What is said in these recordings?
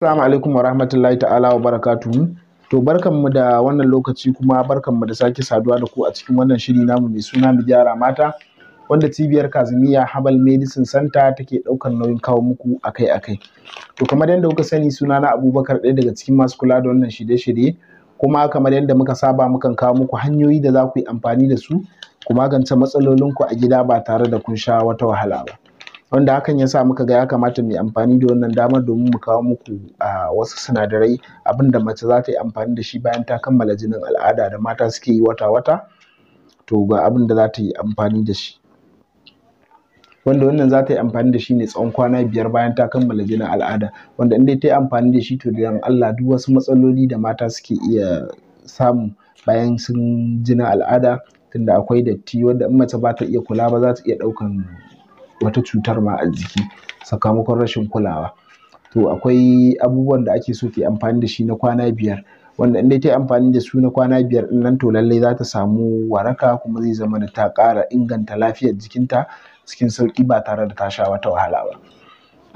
Assalamu alaikum wa rahmatullahi ta'ala wa barakatuhu. To barkanmu da wannan lokaci kuma barkanmu da sake saduwa da ku a cikin wannan shiri namu mai suna mu gyara mata wanda cibiyar Kazimiya Habal Medicine Center take ɗaukar nauyin kawo muku akai-akai. To kamar yadda kuka sani suna na Abubakar ɗaya daga cikin masu kula da wannan shirye-shirye kuma kamar yadda muka saba mukan kawo muku hanyoyi da za ku yi amfani da su ku magance matsalolinku a gida ba tare da kun sha wata wahala ba. wanda hakan ya sa muka ga ya kamata mu yi amfani da wannan damar domin mu kawo muku wasu sinadarai abinda mace za ta yi amfani da shi bayan ta kammala jinin al'ada da mata suke yi wata-wata to ga abin za ta yi amfani da shi wanda wannan za ta yi amfani da shi ne tsawon kwana biyar bayan ta kammala jinin al'ada wanda in dai ta yi amfani da shi to da Allah duk wasu matsaloli da mata suke iya samu bayan sun jinin al'ada tunda akwai datti wanda in mace ba ta iya kula ba za ta iya ɗaukan wata cutar ma a jiki sakamakon rashin kulawa to akwai abubuwan da ake so ta amfani da shi na kwana biyar wanda in dai ta yi amfani da su na kwana biyar ɗin nan to lallai za ta samu waraka kuma zai zama ta ƙara inganta lafiyar jikinta cikin sauƙi ba tare da ta sha wata wahala ba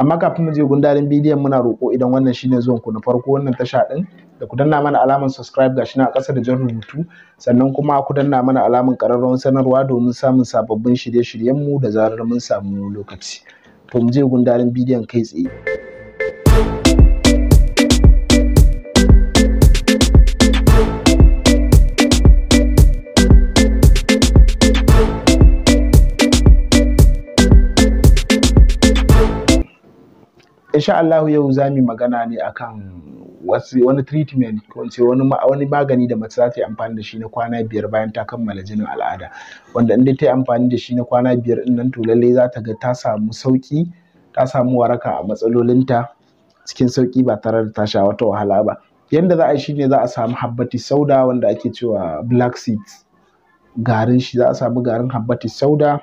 amma kafin mu je gundarin bidiyon muna roƙo idan wannan shine zuwan ku na farko wannan tasha din da ku danna mana alamar subscribe gashi na ƙasa da jan rubutu sannan kuma ku danna mana alamar ƙararrawar sanarwa domin samun sababbin shirye-shiryen mu da zarar mun samu lokaci to mu je gundarin bidiyon kai tsaye insha Allah yau za mu magana ne akan wasu wani treatment ko ce wani wani magani da mace za ta yi amfani da shi na kwana biyar bayan ta kammala jinin al'ada wanda in dai ta yi amfani da shi na kwana biyar din nan to lallai za ta ga ta samu sauki ta samu waraka a matsalolinta cikin sauki ba tare da ta sha wata wahala ba yanda za a yi shine za a samu habbati sauda wanda ake cewa black seeds garin shi za a samu garin habbati sauda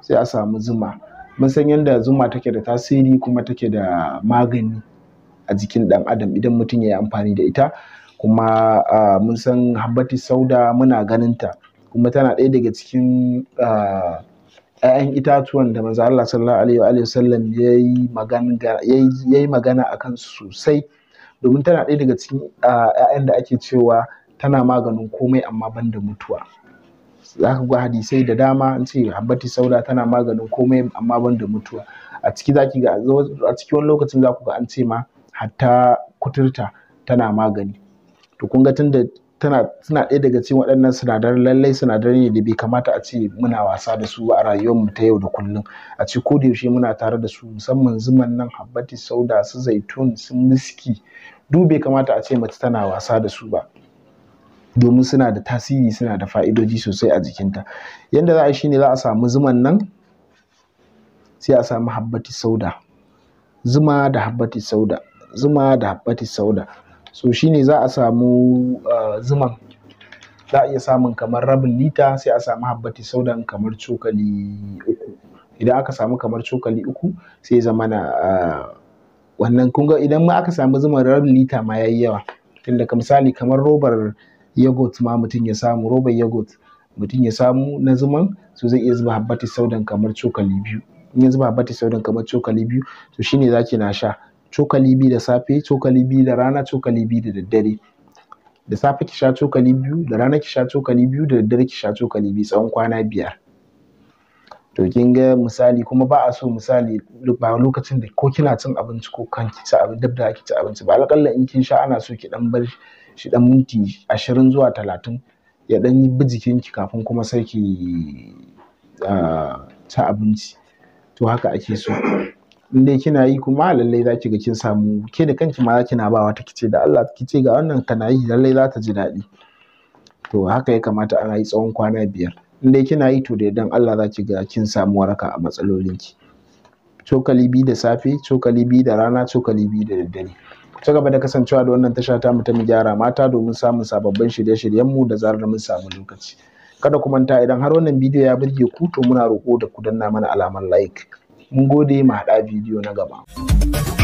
sai a samu zuma mun san yadda zuma take da tasiri kuma take da magani a jikin ɗan adam idan mutum ya yi amfani da ita kuma mun san habbati sauda muna ganinta kuma tana ɗaya daga cikin 'ya'yan itatuwan da manzo Allah sallallahu alaihi wa sallam yayi magana yayi magana akan sosai domin tana ɗaya daga cikin 'ya'yan da ake cewa tana maganin komai amma banda mutuwa za ka ga hadisai da dama an ce habbati sauda tana maganin komai amma ban da mutuwa a ciki za ga a ciki wani lokacin za ku ga an ce ma hatta kuturta tana magani to kun ga tunda tana suna ɗaya daga cikin waɗannan sinadaran lallai sinadarai ne da bai kamata a ce muna wasa da su a rayuwarmu ta yau da kullum a ce ko da yaushe muna tare da su musamman zuman nan habbati sauda su zaitun su miski duk bai kamata a ce mace tana wasa da su ba domin suna da tasiri suna da fa'idoji sosai a jikinta yadda za a shi ne za a samu zuman nan sai a samu habbati sauda zuma da habbati sauda zuma da habbati sauda so shi ne za a samu eh, zuman za a iya samun kamar rabin lita sai a samu habbati saudan kamar cokali uku idan aka samu kamar cokali uku sai zama na eh, wannan kunga idan ma aka samu zuman rabin lita ma yayi yawa tunda misali kamar robar yogurt ma mutum ya samu robar yogurt mutum ya samu na zuman so zai iya zuba habbati saudan kamar cokali biyu in ya zuba habbati saudan kamar cokali biyu to shine zaki na sha cokali biyu da safe cokali biyu da rana cokali biyu da daddare da safe ki sha cokali biyu da rana ki sha cokali biyu da daddare ki sha cokali biyu tsawon kwana biyar to kin ga misali kuma ba a so misali ba lokacin da ko kina cin abinci ko kan ki ci abinci da ki ci abinci ba alƙalla in kin sha ana so ki dan bar shi dan minti ashirin zuwa talatin ya dan bi jikinki kafin kuma sai ki ci abinci to haka ake so in dai kina yi kuma lallai za ki ga kin samu ke da kanki ma za kina ba wata kice da Allah ki ce ga wannan kana yi lallai za ta ji daɗi to haka ya kamata ana yi tsawon kwana biyar in dai kina yi to da idan Allah za ki ga kin samu waraka a matsalolinki cokali biyu da safe cokali biyu da rana cokali biyu da daddare ta gaba da kasancewa da wannan tasha ta mu ta mu gyara mata domin samun sababbin shirye-shiryenmu da zarar mun samu lokaci kada ku manta idan har wannan bidiyo ya burge ku to muna roƙo da ku danna mana alamar like mun gode mu haɗa bidiyo na gaba